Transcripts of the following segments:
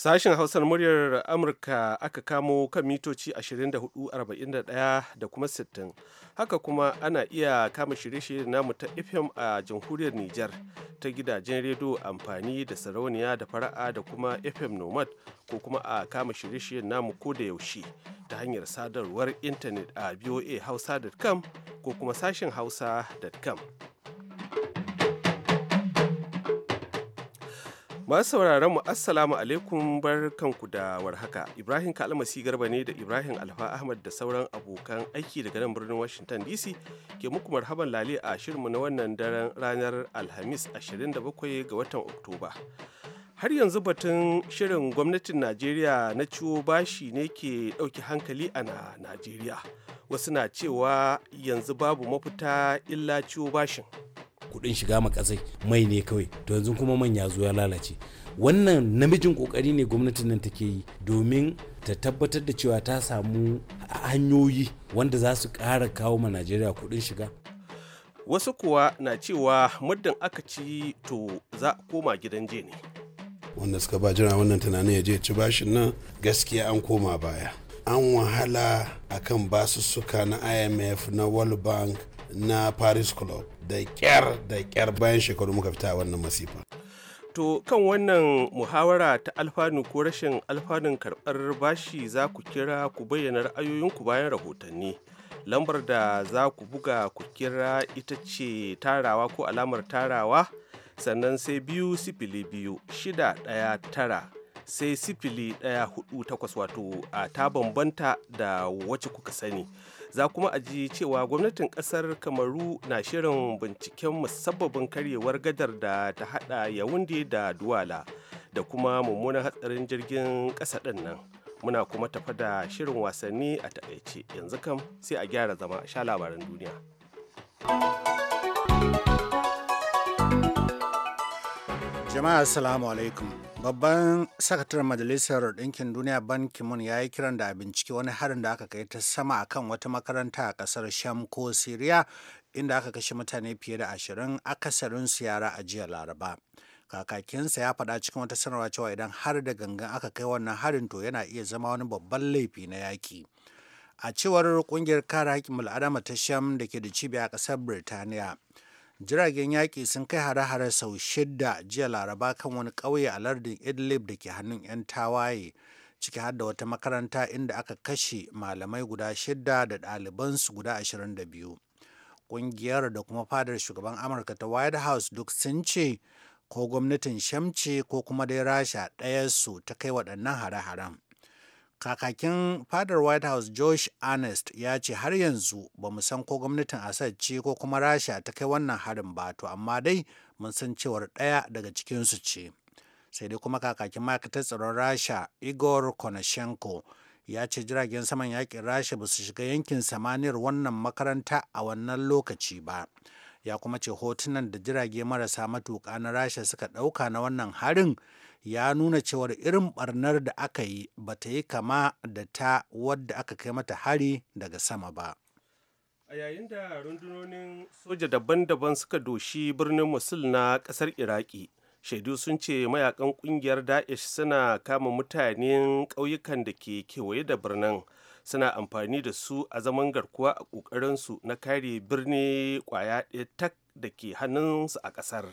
Sashen Hausar muryar Amurka aka kamo kan mitoci 24,41 da kuma 60. Haka kuma ana iya kama shirye-shiryen namu ta FM a jamhuriyar Nijar ta gidajen rediyo amfani da sarauniya da fara'a da kuma FM Nomad ko kuma a kama shirye-shiryen namu ko da yaushe ta hanyar sadarwar intanet a voahausa.com ko kuma sashen hausa.com. Masu sauraron mu Assalamu alaikum barkanku da warhaka. Ibrahim Kalmasi Garba ne da Ibrahim Alfa Ahmad da sauran abokan aiki daga nan birnin Washington DC ke muku marhaban lale a shirinmu na wannan daren ranar Alhamis 27 ga watan Oktoba. Har yanzu batun shirin gwamnatin Najeriya na ciwo bashi ne ke ɗauki hankali a Najeriya. Wasu na cewa yanzu babu mafita illa ciwo bashin. kuɗin shiga makasai mai ne kawai to yanzu kuma manya zo ya lalace wannan namijin kokari ne gwamnatin nan take yi domin ta tabbatar da cewa ta samu hanyoyi wanda za su ƙara kawo ma najeriya kuɗin shiga wasu kuwa na cewa muddin aka ci to za a koma gidan je ne wanda suka ba jira wannan tunanin ya je ci bashin nan gaskiya an koma baya an wahala akan basussuka na imf na world bank na paris club da kyar da kyar bayan shekaru muka fita wannan masifa to kan wannan muhawara ta alfanu ko rashin alfanun karɓar bashi za ku kira ku bayyana ra'ayoyinku bayan rahotanni lambar da za ku buga ku kira ita ce tarawa ko alamar tarawa sannan sai biyu sifili biyu shida ɗaya tara sai sifili ɗaya hudu takwas wato a ta bambanta da wacce kuka sani za kuma a ji cewa gwamnatin kasar kamaru na shirin binciken musabbabin karyewar gadar da ta hada yawunde da duwala da kuma mummunan hatsarin jirgin kasa din nan muna kuma tafa da shirin wasanni a takaice yanzu kam sai a gyara zama a sha labaran duniya jama'a assalamu alaikum Babban sakataren Majalisar Ɗinkin Duniya Ban Kimun ya yi kiran da a binciki wani harin da aka kai ta sama akan wata makaranta a kasar Sham ko Siriya inda aka kashe mutane fiye da ashirin su yara a jiya Laraba. Kakakinsa ya faɗa cikin wata sanarwa cewa idan har da gangan aka kai wannan harin to yana iya zama wani babban laifi na yaki A cewar ƙungiyar kare haƙƙin bil'adama ta Sham da ke da cibiya a ƙasar Birtaniya. jiragen yaƙi sun kai hare-hare sau shidda jiya laraba kan wani ƙauye a lardin idlib da ke hannun 'yan tawaye ciki har da wata makaranta inda aka kashe malamai guda shidda da ɗalibansu guda 22 ƙungiyar da kuma fadar shugaban amurka ta white house duk sun ce ko gwamnatin shamce ko kuma dai rasha su ta kai waɗannan hare-haren Kakakin fadar White House Josh ernest ya ce har yanzu ba mu san ko gwamnatin Assad ce ko kuma Rasha ta kai wannan harin ba to amma dai mun san cewar ɗaya daga cikinsu ce. Sai dai kuma kakakin ma'aikatar tsaron Rasha Igor Konashenko ya ce jiragen saman yakin Rasha ba su shiga yankin samaniyar wannan makaranta a wannan lokaci ba. ya kuma ce hotunan da jirage marasa matuƙa na rasha suka ɗauka na wannan harin ya nuna cewar irin barnar da aka yi ba ta yi kama da ta wadda aka kai mata hari daga sama ba a yayin da rundunonin soja daban-daban suka doshi birnin musul na kasar iraki shaidu sun ce mayakan kungiyar daesh suna kama mutanen ƙauyukan da ke kewaye da birnin suna amfani da su a zaman garkuwa a ƙoƙarinsu na kare birni ƙwaya ɗaya tak da ke hannunsu a ƙasar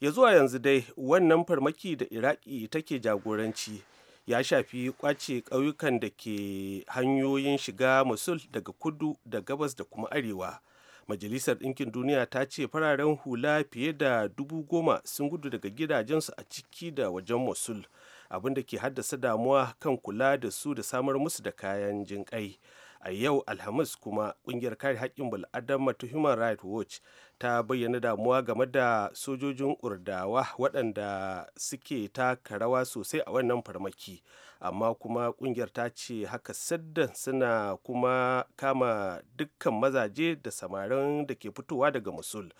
ya zuwa yanzu dai wannan farmaki da iraki take jagoranci ya shafi kwace ƙauyukan da ke hanyoyin shiga musul daga kudu da gabas da kuma arewa majalisar ɗinkin duniya ta ce fararen hula fiye da dubu goma sun gudu daga gidajensu a ciki da wajen musul abin da ke haddasa damuwa kan kula da su da samar musu da kayan jinƙai. a yau alhamis kuma kungiyar kare haƙƙin bil'adama ta human rights watch ta bayyana damuwa game da sojojin urdawa waɗanda suke taka rawa sosai a wannan farmaki amma kuma kungiyar ta ce haka saddan suna kuma kama dukkan mazaje da samarin da ke fitowa daga musul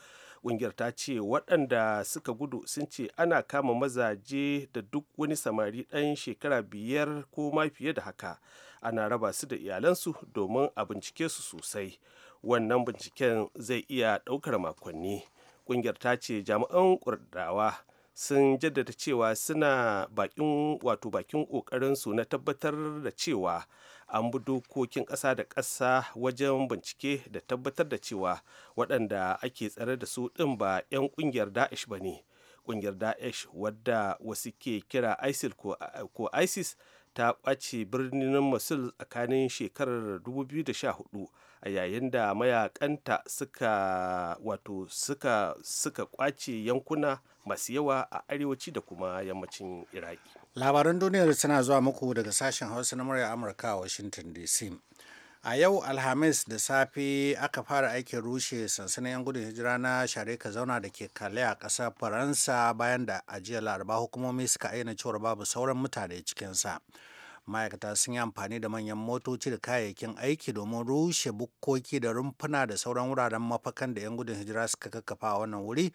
kungiyar ta ce waɗanda suka gudu sun ce ana kama mazaje da duk wani samari ɗan shekara biyar ko ma fiye da haka ana raba su da iyalansu domin a bincike su sosai wannan binciken zai iya ɗaukar makonni kungiyar ta ce jami'an ƙurdawa sun jaddada cewa suna bakin wato bakin ƙoƙarinsu na tabbatar da cewa an bi dokokin ƙasa da ƙasa wajen bincike da tabbatar da cewa waɗanda ake tsare da su ɗin ba 'yan ƙungiyar da'ish ba ne ƙungiyar da'ish wadda wasu ke kira isil ko isis ta ƙwace birnin mosul tsakanin shekarar 2014 a yayin da mayakanta suka wato suka suka ƙwace yankuna masu yawa a arewaci da kuma yammacin iraki Labaran duniyar suna zuwa muku daga sashen Hausa na murya Amurka a Washington DC. A yau Alhamis da safe aka fara aikin rushe sansanin 'yan gudun hijira na share ka zauna da ke kale a ƙasar Faransa bayan da ajiyar laraba hukumomi suka aina cewar babu sauran mutane cikinsa. Ma'aikata sun yi amfani da manyan motoci da kayayyakin aiki domin rushe bukkoki da rumfuna da sauran wuraren mafakan da 'yan gudun hijira suka kakkafa a wannan wuri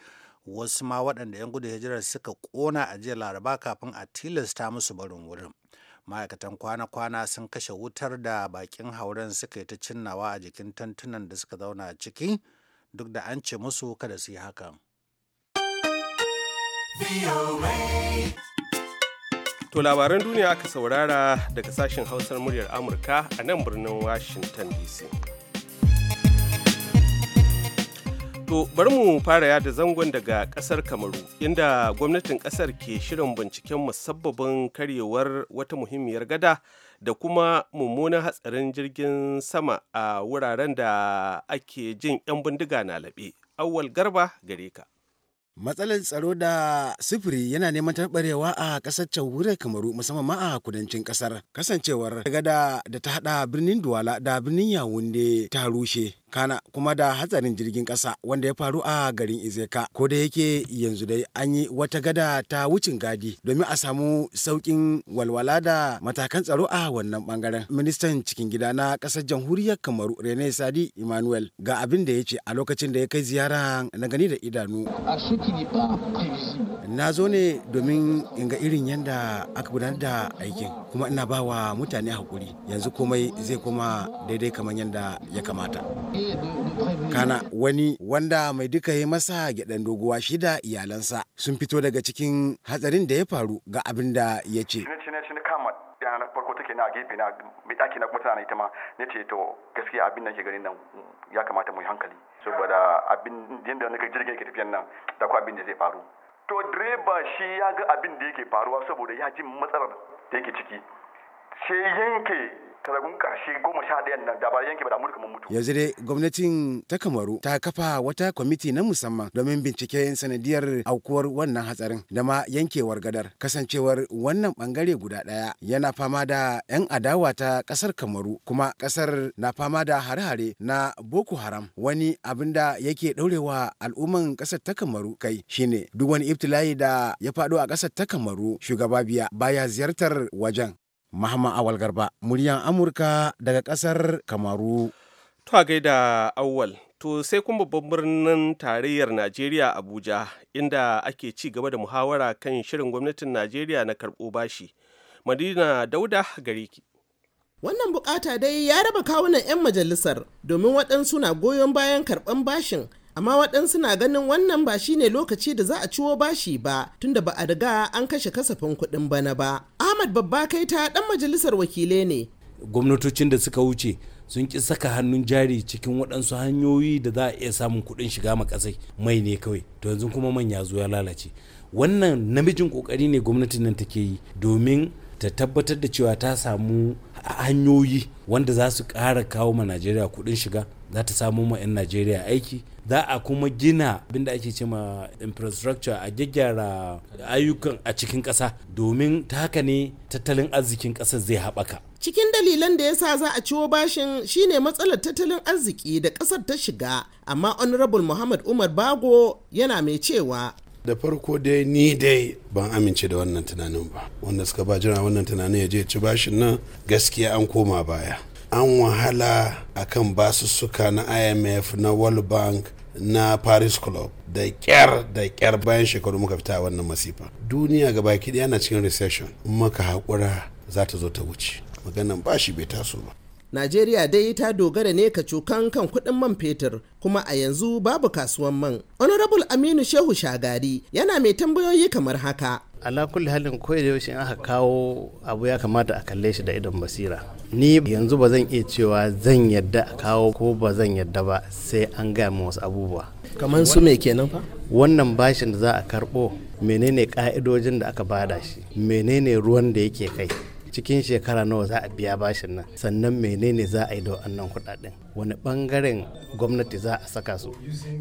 wasu ma waɗanda 'yan gudun hijirar suka ƙona a jiya laraba kafin a tilasta musu barin wurin ma'aikatan kwana-kwana sun kashe wutar da bakin hauren suka yi ta cinnawa a jikin tantunan da suka zauna a ciki duk da an ce musu kada su yi hakan To labaran duniya aka saurara daga sashen hausar muryar Amurka a nan birnin Washington DC. To bari mu fara yada zangon daga kasar Kamaru inda gwamnatin kasar ke shirin binciken musabbabin karyewar wata muhimmiyar gada da kuma mummunan hatsarin jirgin sama a wuraren da ake jin 'yan bindiga na laɓe. Awwal Garba gare ka. matsalar tsaro da sifiri yana neman taɓarewa a ƙasar jamhuriyar kamaru musamman ma a kudancin ƙasar kasancewar gada da ta haɗa birnin duwala da birnin yawunde ta rushe kana kuma da hatsarin jirgin ƙasa wanda ya faru a garin izeka ko da yake yanzu dai an yi wata gada ta wucin gadi domin a samu saukin walwala da matakan tsaro a wannan bangaren ministan cikin gida na kasar jamhuriyar kamaru rene sadi emmanuel ga abin da ya ce a lokacin da ya kai ziyara na gani da idanu na zo ne domin in ga irin yadda aka gudanar da aikin kuma ina ba wa mutane hakuri yanzu komai zai koma daidai kamar yadda ya kamata Kana wani wanda mai duka ya masa gyaɗan doguwa shida iyalansa sun fito daga cikin hatsarin da ya faru ga abin da ya ce. yana farko take na gefe na mai ɗaki na kuma tana ita ma na ce to gaskiya abin da ke ganin nan ya kamata mu yi hankali saboda abin yadda na jirgin ke tafiyan nan da ko abin da zai faru to direba shi ya ga abin da yake faruwa saboda ya ji matsalar da yake ciki sai yanke talagun ƙarshe goma sha ɗayan nan da ba yanke ba da murka mun mutu. yanzu dai gwamnatin ta kamaru ta kafa wata kwamiti na musamman domin binciken sanadiyar aukuwar wannan hatsarin da ma yankewar gadar kasancewar wannan bangare guda ɗaya yana fama da 'yan adawa ta ƙasar kamaru kuma ƙasar na fama da hare-hare na boko haram wani abin da yake ɗaurewa al'umman ƙasar ta kamaru kai shine duk wani iftila'i da ya faɗo a ƙasar ta kamaru shugaba biya baya ziyartar wajen Mahama Awal Garba, muryan Amurka daga ƙasar Kamaru. To a gaida awwal to sai kuma babban birnin tarayyar Najeriya Abuja inda ake ci gaba da muhawara kan shirin gwamnatin Najeriya na karɓo bashi. Madina Dauda gare ki. Wannan bukata dai ya raba kawunan 'yan majalisar domin waɗansu na goyon bayan karɓan bashin amma waɗansu na ganin wannan ba shine lokaci da za a ciwo bashi ba tunda ba a riga an kashe kasafin kuɗin bana ba ahmad babba kai ta ɗan majalisar wakilai ne gwamnatocin da suka wuce sun ki saka hannun jari cikin waɗansu hanyoyi da za a iya samun kuɗin shiga makasai mai ne kawai to yanzu kuma manya zuwa lalace wannan namijin ƙoƙari ne gwamnatin nan take yi domin ta tabbatar da cewa ta samu hanyoyi wanda za su ƙara kawo ma najeriya kuɗin shiga za ta samu ma 'yan najeriya aiki za a kuma gina abinda ake cewa infrastructure a gyaggyara ayyukan a cikin ƙasa domin ta haka ne tattalin arzikin ƙasar zai haɓaka cikin dalilan da ya sa za a ciwo bashin shine matsalar tattalin arziki da ƙasar ta shiga amma honorable muhammad umar bago yana mai cewa da farko dai ni dai ban amince da wannan tunanin ba wanda suka ba jira wannan tunanin ya je ci bashin nan gaskiya an koma baya an wahala akan basussuka na imf na world bank na paris club da kyar da kyar bayan shekaru muka fita a wannan masifa duniya gaba daya na cikin recession maka hakura za ta zo ta wuce maganan bashi bai taso ba Najeriya dai ta dogara ne ka cokan kan kudin man fetur kuma a yanzu babu kasuwan man. Honorable Aminu Shehu Shagari yana mai tambayoyi kamar haka. ala kulli halin koyi da yaushe aka kawo abu ya kamata a kalle shi da idon basira ni yanzu ba zan iya cewa zan yadda a kawo ko ba zan yadda ba sai an gaya min wasu abubuwa kamar su me kenan fa wannan bashin da za a karbo menene ka'idojin da aka bada shi menene ruwan da yake kai cikin shekara nawa za a biya bashin nan sannan menene za a yi da wannan kuɗaɗen wani bangaren gwamnati za a saka su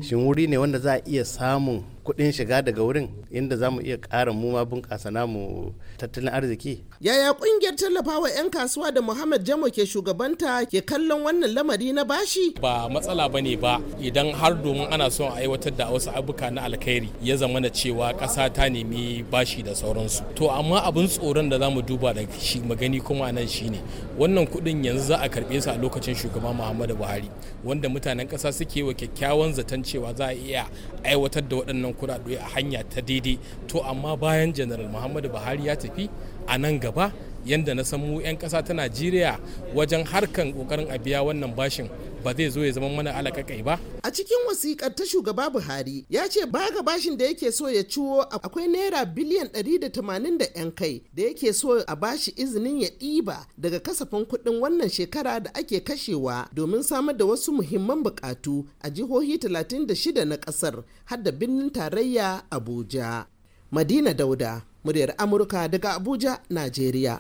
shin wuri ne wanda za a iya samun kuɗin shiga daga wurin inda za mu iya ƙara mu ma bunƙasa namu tattalin arziki yaya ƙungiyar tallafawa 'yan kasuwa da muhammad jamo ke shugabanta ke kallon wannan lamari na bashi ba matsala ba ne ba idan har domin ana son a aiwatar da wasu abuka na alkhairi ya zama na cewa ƙasa ta nemi bashi da sauransu to amma abin tsoron da zamu duba da shi magani kuma nan shine wannan kuɗin yanzu za a karɓe su a lokacin shugaba muhammadu buhari buhari wanda mutanen ƙasa suke wa kyakkyawan zaton cewa za a iya aiwatar da waɗannan kuɗaɗe a hanya ta daidai to amma bayan janar muhammadu buhari ya tafi a nan gaba yadda na san mu 'yan kasa ta najeriya wajen harkan kokarin a biya wannan bashin ba zai zo ya zama mana alaƙaƙai ba a cikin wasiƙar ta shugaba buhari ya ce baga bashin da yake so ya ciwo akwai naira biliyan 180 da 'yan kai da yake so a bashi izinin ya ɗiba daga kasafin kuɗin wannan shekara da ake kashewa domin samar da wasu muhimman buƙatu a jihohi 36 na ƙasar har da birnin tarayya abuja madina dauda muryar amurka daga abuja najeriya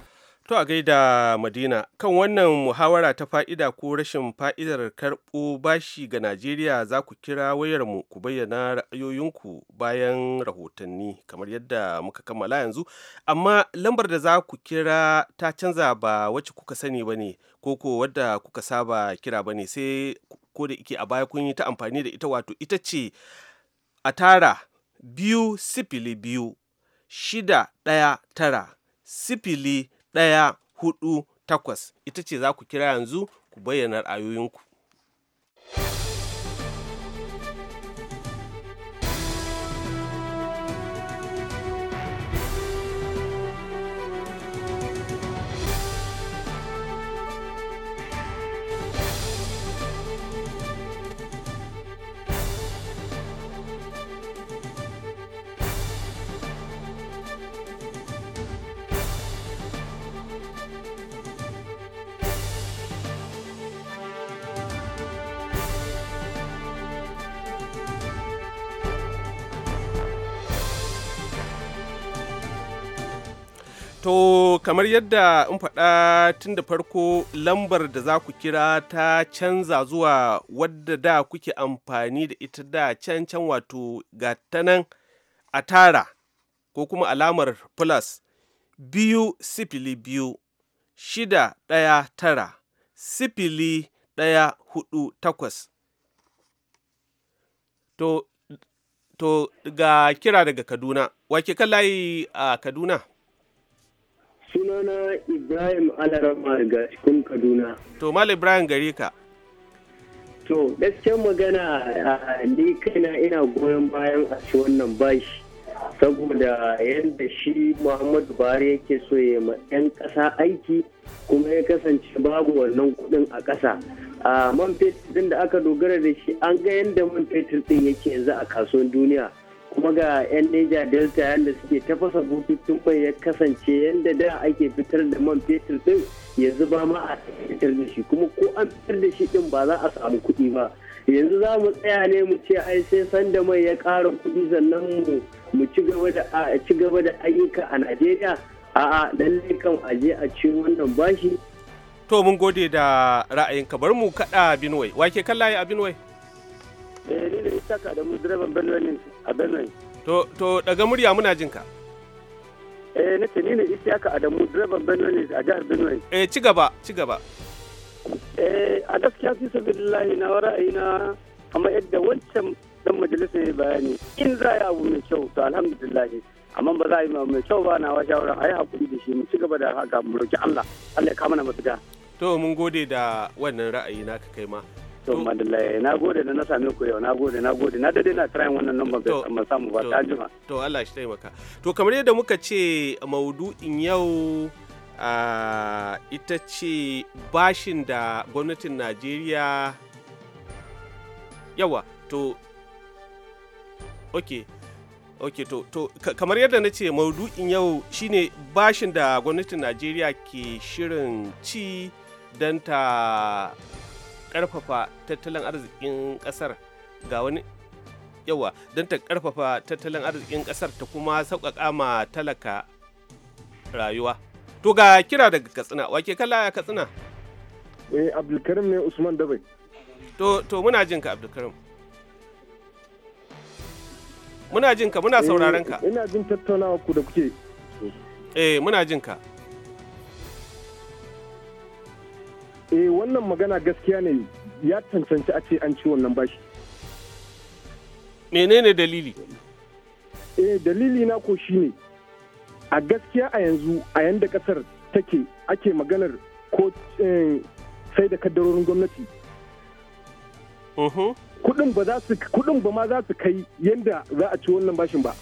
To a gaida Madina, kan wannan muhawara ta fa'ida ko rashin fa'idar karɓo bashi ga Najeriya za ku kira wayarmu ku bayyana ra'ayoyinku bayan rahotanni kamar yadda muka kammala yanzu. Amma lambar da za ku kira ta canza ba wacce kuka sani ba ne, ko ko wadda kuka saba kira ba ne sai ko da ike a baya kun yi ta amfani da ita wato ita ce a tara biyu sifili biyu shida ɗaya tara sifili ɗaya hudu takwas ita ce za ku kira yanzu ku bayyana ra'ayoyinku. To kamar yadda in faɗa tun da farko lambar da za ku kira ta canza zuwa wadda da kuke amfani da ita da can can wato ga ta nan a tara ko kuma alamar plus biyu sifili biyu shida ɗaya tara sifili ɗaya hudu takwas. To, to ga kira daga Kaduna, wake kan a Kaduna? Sunana Ibrahim Alarama daga cikin Kaduna. To, Mal Ibrahim gare ka. To, gaskiyar magana ni kaina ina goyon bayan a ci wannan bashi. Saboda yadda shi Muhammadu Buhari yake so ya ma 'yan ƙasa aiki kuma ya kasance babu wannan kuɗin a ƙasa. A man fetur ɗin da aka dogara da shi an ga yadda man fetur ɗin yake yanzu a kasuwan duniya. kuma ga 'yan Niger Delta yadda suke tafasa bututun mai ya kasance yadda da ake fitar da man fetur din yanzu ba ma a fitar da shi kuma ko an fitar da shi din ba za a samu kuɗi ba yanzu za mu tsaya ne mu ce ai sai sanda mai ya ƙara kuɗi sannan mu mu ci gaba da ci gaba da ayyuka a Najeriya a'a lallai kan aje a ci wannan bashi to mun gode da ra'ayinka bar mu kaɗa Benue wake kan layi a Benue eh ni ne isaka da mu direban Benue ne a Benue to to daga murya muna jin ka eh ne ce ni ne aka Adamu direban Benue ne a jihar Benue eh ci gaba ci gaba eh a gaskiya fi sabilillahi na ra'ayina amma yadda wancan dan majalisar ya bayani in za a abu mai kyau to alhamdulillah amma ba za a yi mai kyau ba na shawara a yi hakuri da shi mu ci gaba da haka mu roki Allah Allah ya kama na mafita to mun gode da wannan ra'ayi naka kai ma to madalla eh, na gode da na same ku yau na gode na gode na dade na trying wannan number bai samu ba ta jima to Allah shi taimaka to kamar yadda muka ce maudu'in yau ita ce bashin da gwamnatin najeriya yawa to ok ok to, to kamar yadda na ce maudu'in yau shine bashin da gwamnatin najeriya ke shirin ci don ta karfafa tattalin arzikin kasar ga wani yawa don ta karfafa tattalin arzikin kasar ta kuma sauƙaƙa ma talaka rayuwa to ga kira daga katsina wake kala ya katsina eh abdulkarim ne usman dabai to to muna jin ka abdulkarim muna jin ka muna sauraron ka eh, ina jin tattaunawa ku da kuke eh muna jin ka eh wannan magana gaskiya ne ya cancanci a ce an ci wannan bashi menene dalili eh dalili na ko ne a gaskiya a yanzu a yanda kasar take ake maganar ko eh, sai da kaddarorin gwamnati kudin ba za ma za su kai yanda za a ci wannan bashin ba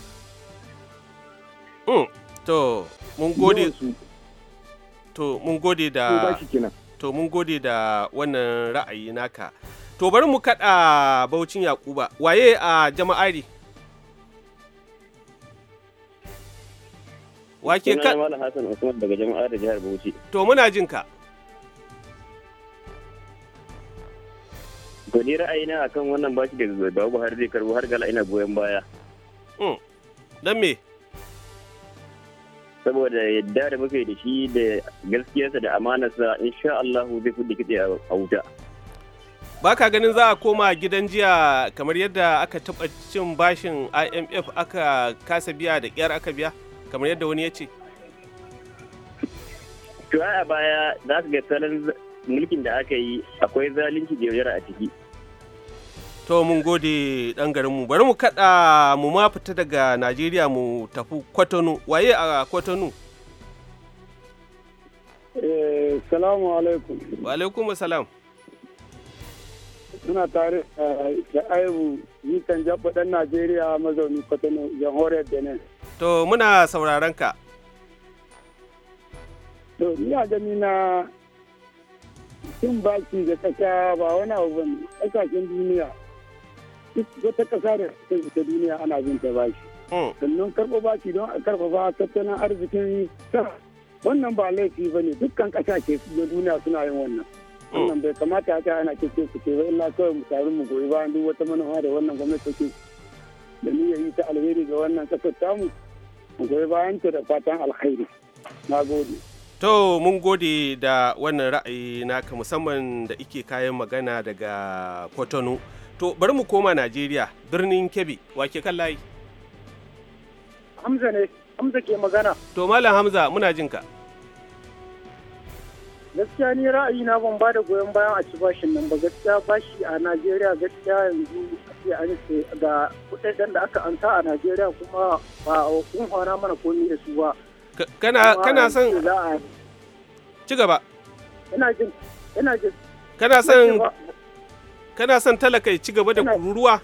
hmm. to mun gode to mun gode da to mun gode da wannan ra'ayi naka to bari mu kaɗa baucin yakuba waye a jama'ari wake ka Hassan daga jama'ar da jihar To muna jin ka. gani ra'ayina a akan wannan bashi da Babu Buhari zai karbo har gala ina goyon baya. Hmm. Dan me? saboda yadda da muke da shi da gaskiyarsa da amanarsa insha Allah zai fi kitse a wuta. Ba ka ganin za a koma gidan jiya kamar yadda aka taɓa cin bashin IMF aka kasa biya da ƙyar aka biya kamar yadda wani ya ce? Tuwa a baya za su ga salon mulkin da aka yi akwai zalunci jiyar a ciki. to mun gode dan garin mu, bari mu kada mu ma fita daga najeriya mu tafi kwatano waye a kwatano eh, salamu alaikum wa alaikum salam suna tare eh, da aibu nikan jabba dan najeriya mazauni kwatano jamhuriyar benin to muna sauraron ka to ni a gani na cin baki da kasa ba wani abu bane kasashen duniya duk wata ƙasa da ta ta duniya ana jin ta bashi. Hmm. Sannan karɓo bashi don a karfafa tattalin arzikin ta wannan ba laifi ba ne dukkan ƙasashe na duniya suna yin wannan. Hmm. Wannan bai kamata ta ana kike su ke ba illa kawai mu taru mu goyi bayan duk wata manufa da wannan gwamnati take da niyyar yi ta alheri ga wannan ƙasar tamu mu goyi bayan ta da fatan alheri. Na gode. To mun gode da wannan ra'ayi naka musamman da ike kayan magana daga kotonu To bari mu koma Najeriya birnin Kebbi wake kan layi. Hamza ne, Hamza ke magana. To Malam Hamza muna jin ka. Gaskiya ni ra'ayi na ban ba da goyon bayan a ci bashin nan ba gaskiya bashi a Najeriya gaskiya yanzu sai an ce ga kudaden da aka anta a Najeriya kuma ba kun hana mana komai da su ba. Kana kana son ci gaba. Ina jin ina jin. Kana son kana son talaka ya ci gaba da kururuwa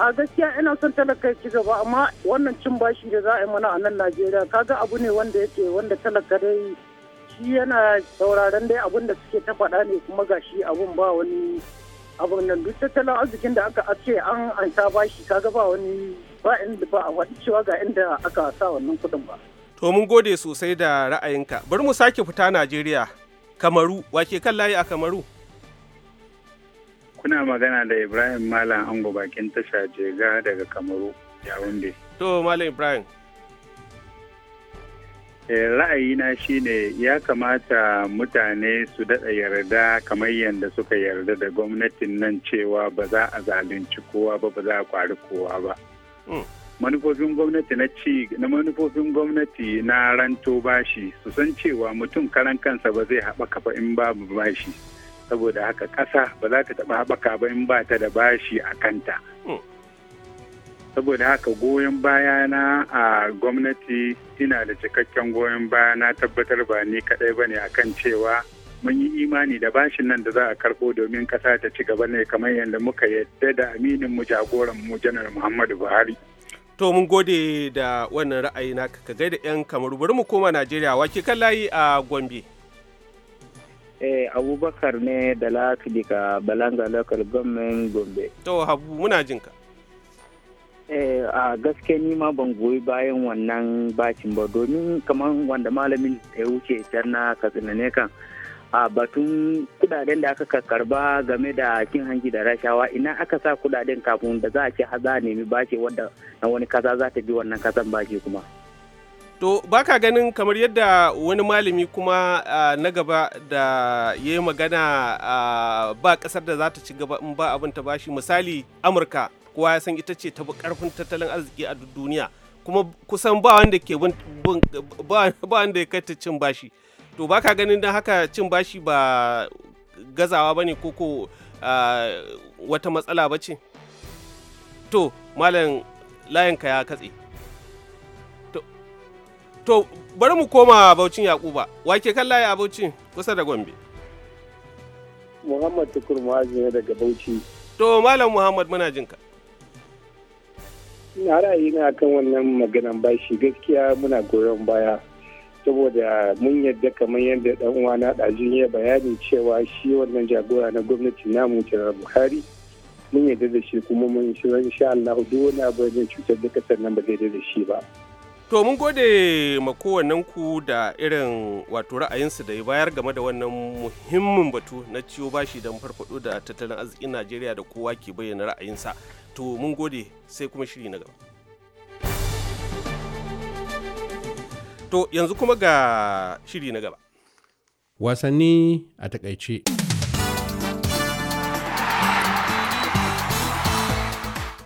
a gaskiya ina son talaka ya ci gaba amma wannan cin bashi da za a yi mana a nan najeriya kaga abu ne wanda yake wanda talaka dai shi yana sauraron dai abin da suke ta faɗa ne kuma gashi abun ba wani abun nan duk tattalin arzikin da aka ce an an ta bashi kaga ba wani ba inda ba a wani cewa ga inda aka sa wannan kuɗin ba to mun gode sosai da ra'ayinka bari mu sake fita najeriya kamaru wake kan layi a kamaru kuna magana da ibrahim malam ango bakin tasha jega daga kamaru yawunde to malam ibrahim eh, ra'ayina ne ya kamata mutane su daɗa yarda kamar yadda suka yarda da gwamnatin nan cewa ba za a zalunci kowa ba ba za a kwari kowa ba hmm. manufofin gwamnati na ci na manufofin gwamnati na ranto bashi su san cewa mutum karan kansa ba zai haɓaka ba in babu bashi saboda haka ƙasa ba za ta taɓa haɓaka ba in ba ta da bashi a kanta hmm. saboda haka goyon bayana a gwamnati ina da cikakken goyon baya na tabbatar ba ni kaɗai ba ne a kan cewa mun yi imani da bashin nan da za a karɓo domin ƙasa ta ci gaba ne kamar yadda muka yadda da aminin mu jagoran mu janar muhammadu buhari to mun gode da wannan ra'ayi naka ka gaida 'yan kamaru bari mu koma najeriya wake kan layi a gombe Eh, Abubakar ne da lafidika daga Balanga Local Government Gombe. To, Habu, muna jinka. Eh, a gaske ni ma ban goyi bayan wannan bacin ba domin kamar wanda malamin ya wuce can na katsina ne kan a batun kudaden da aka karba game da cin hanji da rashawa ina aka sa kudaden kafin da za a ce haza nemi bashi wanda na wani kasa za ta bi wannan kasan bashi kuma. To baka ganin kamar yadda wani malami kuma na gaba da ya yi magana ba kasar da za ta ci gaba in ba abin ta bashi misali Amurka kowa ya san ita ce ta karfin tattalin arziki a duniya kuma kusan ba wanda ke ba wanda ya kai ta cin bashi. To baka ganin don haka cin bashi ba gazawa ba ne koko wata matsala ba ce? To malam layinka ya katse. To bari mu koma Baucin Yakuba, ke kan layi a Baucin kusa da Gombe. Muhammad Tukur ne daga Bauchi. To Malam Muhammad muna jinka. Na ra'ayi na kan wannan maganan bashi gaskiya muna goyon baya. saboda mun yadda kamar yadda dan uwana ɗajin ya bayani cewa shi wannan jagora na gwamnati namu jiran buhari mun yadda da shi kuma mun shi sha Allah duk wani abu da cutar da kasar nan ba daidai da shi ba To mun gode ma ku da irin wato ra'ayinsu da ya bayar game da wannan muhimmin batu na ciwo bashi don farfado da tattalin arzikin Najeriya da kowa ke bayyana ra'ayinsa. To mun gode sai kuma shiri na gaba. To yanzu kuma ga shiri na gaba. Wasanni a takaice.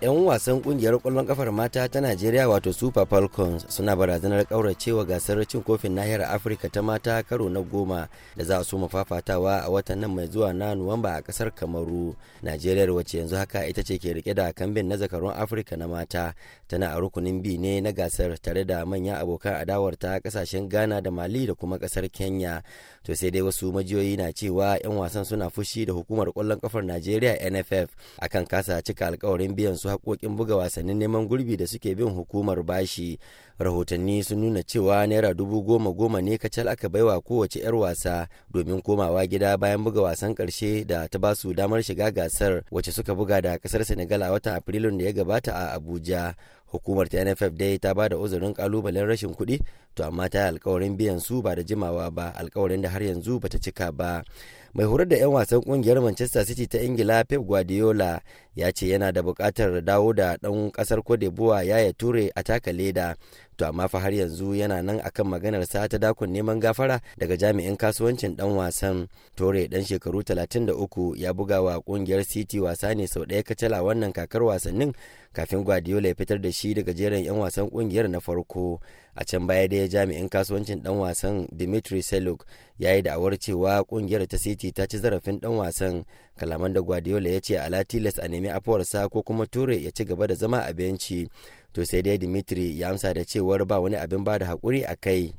'yan wasan kungiyar kwallon kafar mata ta najeriya wato super falcons suna barazanar kauracewa gasar cin kofin nahiyar afirka ta mata karo na goma da za su mafafatawa a watan nan mai zuwa na nuwamba a kasar kamaru najeriya wacce yanzu haka ita ce ke rike da kambin na zakarun afirka na mata tana a rukunin bi ne na gasar tare da manyan abokan adawar ta kasashen ghana da mali da kuma kasar kenya to sai dai wasu majiyoyi na cewa 'yan wasan suna fushi da hukumar kwallon kafar najeriya nff akan kasa cika alkawarin biyan su haƙoƙin buga wasannin neman gurbi da suke bin hukumar bashi rahotanni sun nuna cewa naira dubu goma goma ne kacal aka baiwa kowace 'yar wasa domin komawa gida bayan buga wasan ƙarshe da ta basu damar shiga gasar wacce suka buga da ƙasar senegal a watan afrilun da ya gabata a abuja hukumar ta nff dai ta ba da uzurin kalubalen rashin kuɗi to amma ta yi alkawarin biyan su ba da jimawa ba alkawarin da har yanzu bata cika ba mai horar da 'yan wasan kungiyar manchester city ta ingila pep guardiola ya ce yana da bukatar dawo da ɗan ƙasar cote yaya ture a taka leda to amma fa har yanzu yana nan akan maganar sa ta dakon neman gafara daga jami'in kasuwancin dan wasan ture dan shekaru 33 ya buga wa kungiyar city wasa ne sau ɗaya kacala wannan kakar wasannin kafin guardiola ya fitar da shi daga jerin 'yan wasan kungiyar na farko a can baya dai jami'in kasuwancin dan wasan dimitri seluk ya yi da'awar cewa kungiyar ta city ta ci zarafin dan wasan kalaman da guardiola ya ce ala tilas a nemi afuwarsa ko kuma ture ya ci gaba da zama a benci to sai dai dimitri ya amsa da cewar ba wani abin ba da hakuri a kai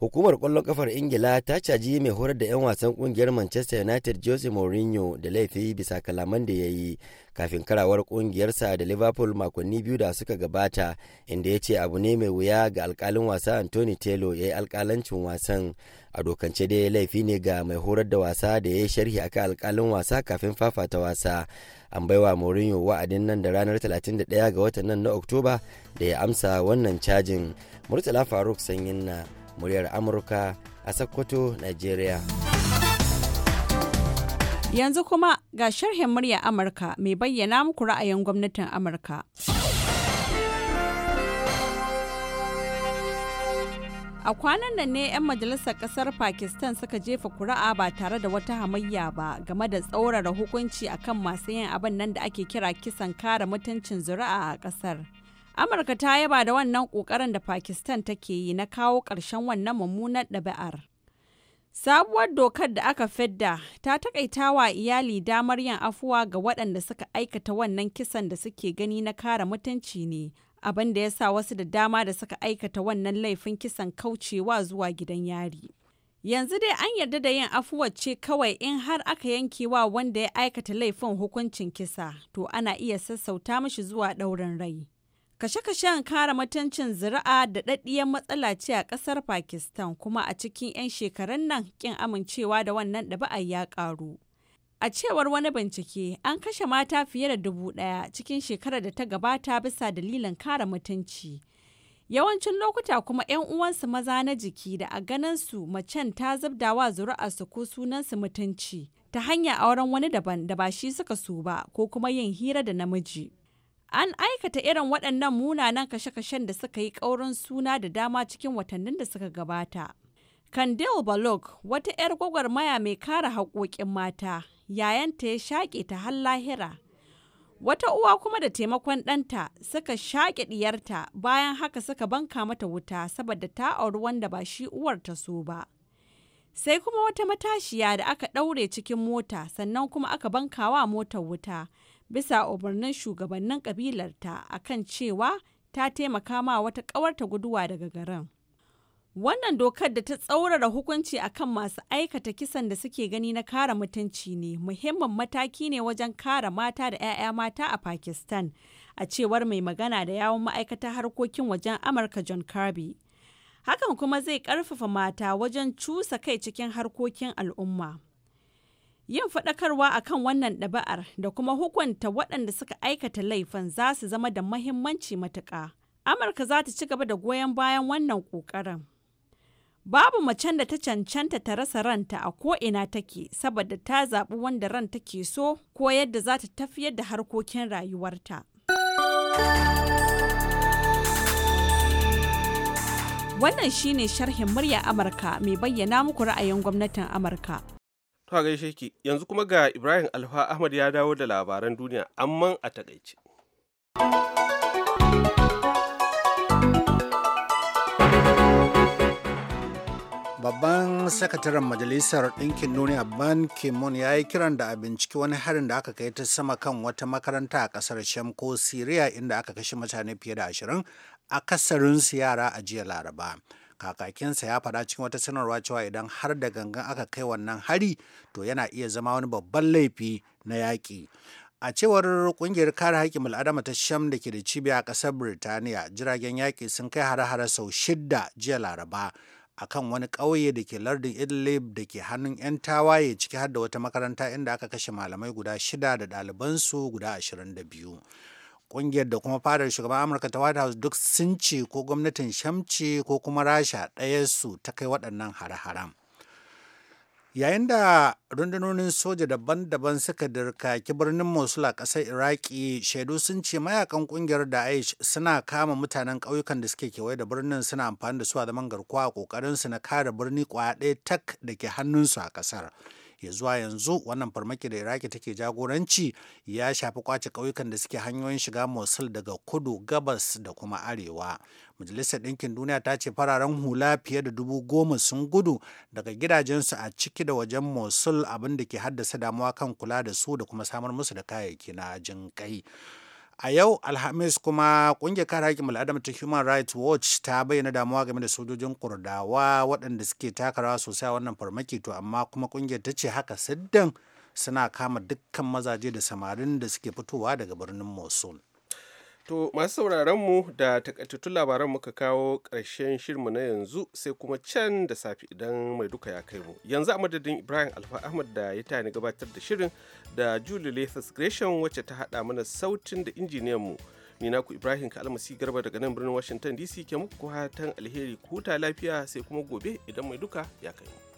hukumar kwallon kafar ingila ta caji mai horar da 'yan wasan kungiyar manchester united jose mourinho da laifi bisa kalaman da ya yi kafin karawar kungiyarsa da liverpool makonni biyu da suka gabata inda ya ce abu ne mai wuya ga alkalin wasa anthony taylor ya yi alkalancin wasan a dokance dai laifi ne ga mai horar da wasa da ya yi sharhi akan alkalin wasa kafin fafata wasa an baiwa mourinho wa'adin nan da ranar 31 ga watan nan na oktoba da ya amsa wannan cajin murtala faruk sanyin na muryar amurka a sokoto nigeria yanzu kuma ga sharhin murya amurka mai bayyana muku ra'ayin gwamnatin amurka A kwanan nan ne 'yan majalisar kasar Pakistan suka jefa kuri'a ba tare da wata hamayya ba game da tsaurara hukunci akan masu yin abin nan da ake kira kisan kare mutuncin zuri'a a kasar. Amurka ta yaba da wannan ƙoƙarin da Pakistan take yi na kawo ƙarshen wannan mummunar ɗabi'ar. Sabuwar dokar da aka fidda ta takaita wa iyali damar yin afuwa ga waɗanda suka aikata wannan kisan da suke gani na kare mutunci ne, abin da ya sa wasu da dama da suka aikata wannan laifin kisan kaucewa zuwa gidan yari. Yanzu dai an yarda da yin afuwar ce kawai in har aka yanke wa wanda ya aikata laifin hukuncin kisa, to ana iya sassauta mashi zuwa ɗaurin rai. Kashe-kashen kare mutuncin zira'a da daɗiyan matsala ce a ƙasar Pakistan kuma a cikin 'yan shekarun nan ƙin amincewa da wannan ɗabi'ar ya ƙaru. A cewar wani bincike, an kashe mata fiye da dubu ɗaya cikin shekarar da ta gabata bisa dalilin kare mutunci. Yawancin lokuta kuma 'yan uwansu maza na jiki da a ganin su macen ta wa zuri'a su ko sunan su mutunci ta hanyar auren wani daban da ba shi suka su ba ko kuma yin hira da namiji. An aikata irin waɗannan munanan kashe-kashen da suka yi ƙaurin suna da dama cikin watannin da suka gabata. Kandil Balog, wata 'yar gwagwarmaya mai kare haƙoƙin mata, yayanta ya shaƙe ta har lahira. Wata uwa kuma da taimakon ɗanta suka shaƙe ɗiyarta bayan haka suka banka mata wuta saboda ta auri wanda ba shi uwar ta so ba. Sai kuma wata matashiya da aka ɗaure cikin mota sannan kuma aka bankawa motar wuta. bisa umarnin shugabannin kabilarta a kan cewa ta taimaka ma wata ƙawarta guduwa daga garin. Wannan dokar da ta tsaurara hukunci akan masu aikata kisan da suke gani na kare mutunci ne muhimmin mataki ne wajen kare mata da 'ya'ya mata a Pakistan, a cewar mai magana da yawon ma'aikatar harkokin wajen Amurka John Kirby. Hakan kuma zai ƙarfafa mata wajen cusa kai cikin harkokin al'umma. Yin faɗakarwa a kan wannan ɗaba'ar da kuma hukunta waɗanda suka aikata laifin za su zama da mahimmanci matuƙa. Amurka za ta ci gaba da goyon bayan wannan ƙoƙarin. Babu macen da ta cancanta ta rasa ranta a ko'ina take saboda ta zaɓi wanda ran take so ko yadda za ta tafiyar da harkokin rayuwarta. Wannan shine sharhin murya Amurka mai bayyana muku ra'ayin gwamnatin Amurka. To gaishe ki yanzu kuma ga Ibrahim Alfa Ahmad ya dawo da labaran duniya amma a takaice. Babban sakataren Majalisar Ɗinkin Duniya Ban Ki-moon ya yi kiran da a binciki wani harin da aka kai ta sama kan wata makaranta a ƙasar Sham ko Siriya inda aka kashe mutane fiye da ashirin a akasarinsu yara a jiya Laraba. kakakinsa ya faɗa cikin wata sanarwa cewa idan har da gangan aka kai wannan hari to yana iya zama wani babban laifi na yaƙi a cewar ƙungiyar kare haƙƙin al'adama ta sham da ke da cibiya a ƙasar birtaniya jiragen yaƙi sun kai hare-hare sau shidda jiya laraba a kan wani ƙauye da ke lardin idlib da ke hannun 'yan tawaye ciki har da wata makaranta inda aka kashe malamai guda shida da ɗalibansu guda ashirin da biyu kungiyar da kuma fadar shugaban amurka ta white house duk sun ce ko gwamnatin shamci ko kuma rasha ɗaya su ta kai waɗannan hare-haren yayin da rundunonin soja daban-daban suka dirkaki birnin mosul a ƙasar iraki shaidu sun ce mayakan ƙungiyar daesh suna kama mutanen ƙauyukan da suke kewaye da birnin suna amfani da su a zaman garkuwa a su na kare birni ƙwaya ɗaya tak da ke hannunsu a ƙasar ya zuwa yanzu wannan farmaki da iraki take jagoranci ya shafi kwace ƙauyukan da suke hanyoyin shiga mosul daga kudu gabas da kuma arewa majalisar ɗinkin duniya ta ce fararen hula fiye da dubu goma sun gudu daga gidajensu a ciki da wajen mosul abin da ke haddasa damuwa kan kula da su da kuma samar musu da kayayyaki na jinƙai. a yau alhamis kuma kungiyar kare haƙƙin bil'adama ta human rights watch ta bayyana damuwa game da sojojin kurdawa waɗanda suke taka rawa sosai a wannan farmaki to amma kuma kungiyar ta ce haka siddan suna kama dukkan mazaje da samarin da suke fitowa daga birnin mosul To masu sauraron mu da takaitattun labaran muka kawo ƙarshen shirmu na yanzu sai kuma can da safi idan mai duka ya kai mu. Yanzu a madadin Ibrahim Alfa Ahmad da ya tani gabatar da shirin da Julie Lathis Gresham wacce ta haɗa mana sautin da injiniyan mu. Ni ku Ibrahim ka Kalmasi Garba daga nan birnin Washington DC ke muku hatan alheri ku huta lafiya sai kuma gobe idan mai duka ya kai mu.